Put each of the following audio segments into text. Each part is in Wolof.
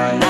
fire.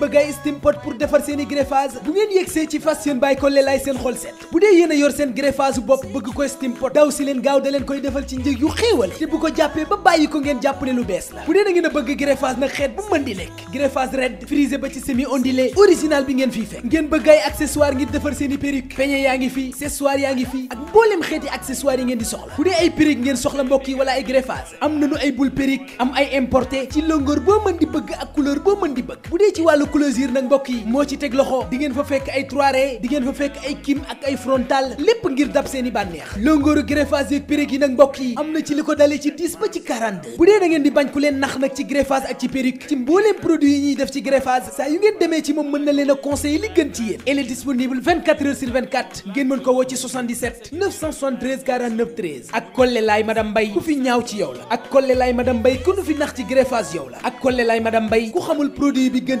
bëgg bu dee yéen ngeen a bëgg greffage nag xeet bu mën di lekk greffage red frisé ba ci semi ondulé original bi ngeen fii fekk ngeen bëgg ay ngir defar seen i peñe yaa ngi fii accessoire yaa ngi fii ak mbooleem xeeti accessoire yi ngeen di soxla bu dee ay perruque ngeen soxla mbokk yi wala ay greffage am nañu ay boule perruque am ay importé ci longueur boo mën di bëgg ak couleur ci wàllu clôture nag mbokk yi moo ci teg loxo di fa fekk ay trois di fa fekk ay kim ak ay frontal lépp ngir dab seen bànneex longooru greffage yeeg périg yi nag mbokk yi am na ci li ko dalee ci 10 ba ci 42 bu dee da di bañ ku leen nax nag ci greffage ak ci périg ci mbooleem produit yi ñuy def ci greffage saa yu ngeen demee ci moom mën na leen a conseiller li gën ci yéen disponible 24 heures sur 24 ngeen mën ko woo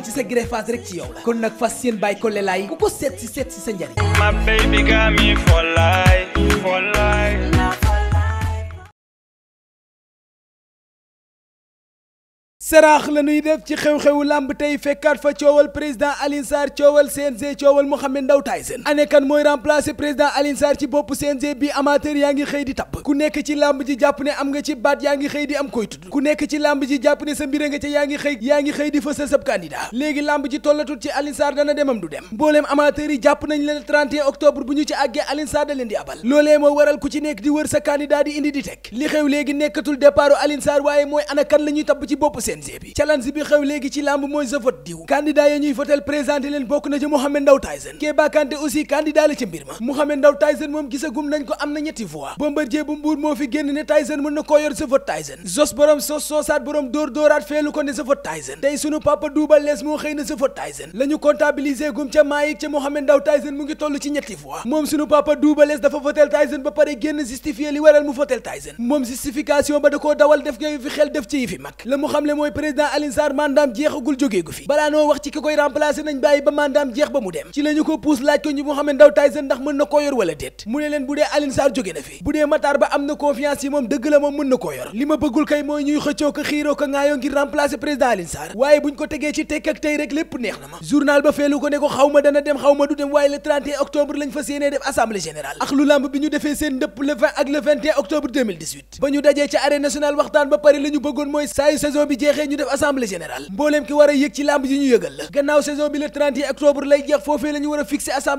ak jëm ci sa greffage rek ci yow kon nag fas yéen bàyyi kole lelaay ku ko seet si seet si sa njariñ. My baby got me for life, for saraax la ñuy def ci xew-xewu làmb tey fekkaat fa coowal président Alioune Sarr coowal CNG coowal Mohamed Ndao Tyson ane kan mooy remplacer président Alioune Sarr ci bopp CNG bi amateur yaa ngi xëy di tabb ku nekk ci làmb ji jàpp ne am nga ci baat yaa ngi xëy di am koy tudd ku nekk ci làmb ji jàpp ne sa mbir nga ca yaa ngi xëy yaa ngi xëy di fësal sab candidat léegi làmb ji tollatul ci Alioune Sarr dana demam du dem mbooleem amateur yi jàpp nañ leen 31 octobre ñu ci àggee Alioune Sarr da leen di abal ci nekk di wër sa candidat di indi di teg li xew léegi nekkatul départu Alioune Sarr kan la ñuy tabb ci bopp CNG bi xew léegi ci lamb mooy sa diw candidat ya ñuy votel présenté leen bokk na ci Mohamed Ndao Tyson Kéba aussi candidat la ci mbir ma Mohamed Ndao Tyson moom gisagum nañ ko am na ñetti voix Bombardier bu mbuur moo fi génn ne Tyson mën na koo yor sa vote Tyson jos borom soosaat borom dóor dóoraat feelu ko ne sa vote tey sunu papa Double moo xëy na sa vote Tyson la gum ca maayik ca Mohamed Ndao Tyson da koo dawal mooy président Alioune Sarr mandaam jeexagul jógee gu fi balaa noo wax ci ki koy remplacer nañ bàyyi ba mandaam jeex ba mu dem ci la ko puus laaj ko ñu Mohamed Ndao Tyson ndax mën na koo yor wala déet mu ne leen bu dee Alioune jóge na fi bu dee Matar Ba am na confiance yi moom dëgg la moom mën na koo yor li ma bëggul kay mooy ñuy xëccoo ko xiiroo ko ŋaayoo ngir remplacer président Alioune Sarr waaye buñ ko tegee ci tekk ak tey rek lépp neex na ma journal jeexee ñu mbooleem ki war yëg ci lamb ji ñu yëgal la gannaaw saison bi le 31 octobre lay jeex foofee la ñu war a fixer ba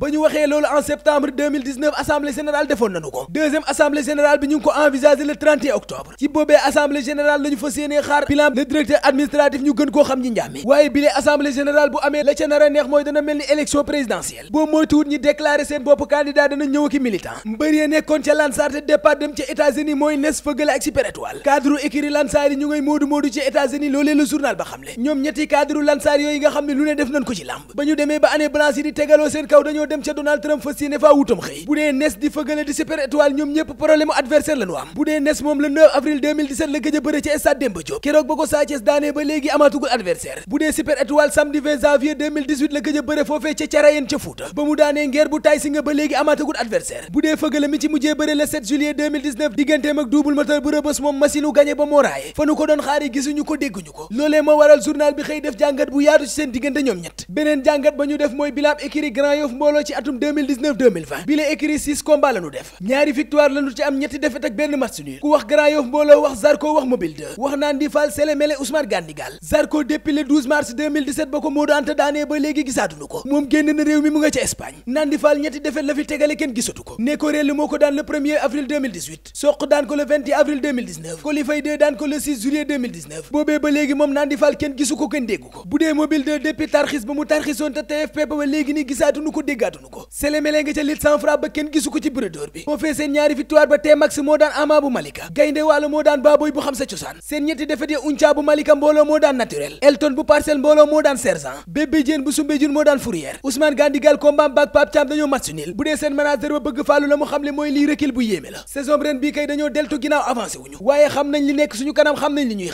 ba ñu waxee loolu en septembre 2019 assemblée defoon nañu ko deuxième assemblée générale bi ñu ko envisager le 31 octobre ci boobee assemblée générale la ñu fas xaar bilan le directeur administratif ñu gën koo xam ñi njàmmi waaye bile assemblée générale bu amee la ca nar neex mooy dana mel ni élection Modou journal ba xamle ñoom ñetti cadre lansaar yooyu nga xam ne lu ne def nañ ko ci làmb ba ñu demee ba année blanche yi di tegaloo seen kaw dañoo dem ca Donald Trump fas yéene faa wutam xëy bu dee nes di fëgale di super étoile ñoom ñëpp problème adversaire la ñu am bu dee nes moom le avril la gëj bëre ca stade Demba Diop keroog ba ko Sa daanee ba léegi amaatugul adversaire bu dee super étoile samedi 20 janvier la gëj bëre foofee yi gisuñu ko dégguñu ko loolee moo waral journal bi xëy def jàngat bu yaatu ci seen diggante ñoom ñett beneen jàngat ba ñu def mooy bilaab écurie Grand Yoff mbooloo ci atum 2019 2020 bile écurie 6 def ñaari victoire la ci am ñetti défaite ak benn match ku wax Grand Yoff mbooloo wax Zarko wax Mobile 2 wax naan Sele Mele Ousmane Gandigal Zarko depuis le 12 mars ba ko Modou Anta daanee ba léegi gisaatuñu ko moom génn na réew mi mu nga ca Espagne naan boobee ba léegi moom Nandi Fall kenn gisu ko kenn déggu ko bu dee mobile de depuis tarxis ba mu tarxisoon te TFP ba léegi nii gisaatunu ko déggaatunu ko selémelee nga ca lit sans frappe ba kenn gisu ko ci brodeur bi moo fee seen ñaari victoire ba T-Max moo daan Ama bu Malika gaynde moo daan Baboy bu xam sa cosaan seen ñetti defet ya Unca bu Malika mbooloo moo daan naturel Elton bu parcelle mbooloo moo daan sergent bébé Diène bu Soumbédioune moo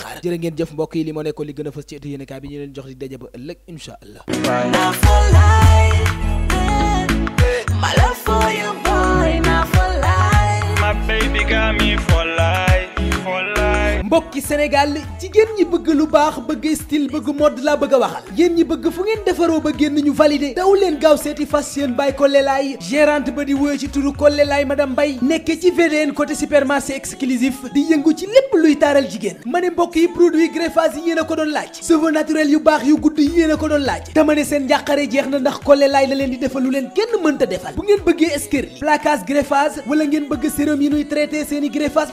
xaar jërë ngeen jëf mbokk yi li moo nekkoon li gën a fës ci ëttu yéenekaay bi ñu leen jox di daje ba ëllëg incha allah mbokki Sénégal jigéen ñi bëgg lu baax bëgg style bëgg mode laa bëgg a waxal yéen ñi bëgg fu ngeen defaroo ba génn ñu validé daw leen gaaw seeti fas yéen Baye Collé Laye gérante ba di wóyoo ci turu Collé ma madame Mbaye nekke ci VDN côté supermarché exclusif di yëngu ci lépp luy taaral jigéen ma ne mbokk yi produit greffage yi yéen ko doon laaj cheveux naturel yu baax yu gudd yi yéen ko doon laaj dama ne seen njàqare jeex na ndax Collé Laye da leen di defal leen kenn mënta defal bu ngeen bëggee escurely placage greffage wala ngeen bëgg sérum yi seen i greffage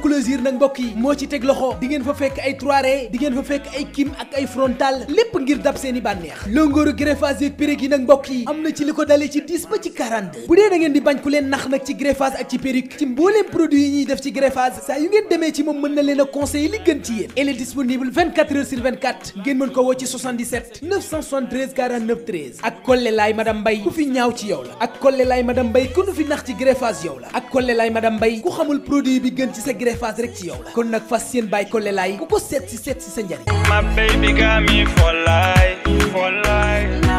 clôture nag mbokk yi moo ci teg loxo di fa fekk ay trois di ngeen fa fekk ay kim ak ay frontal lépp ngir dab seen i bànneex longooru greffage yeeg périg yi nag mbokk yi am na ci li ko dalee ci 10 ba ci 42 bu dee da di bañ ku leen nax nag ci greffage ak ci périg ci mbooleem produit yi ñuy def ci greffage saa yu ngeen demee ci moom mën na leen a li gën ci yéen elle est disponible 24 heures sur 24 ngeen mën ko woo ak Kolle greffage rek ci yow la kon nag fas yéen bàyyi ko lelaay ku ko seet si seet si sa njariñ. My baby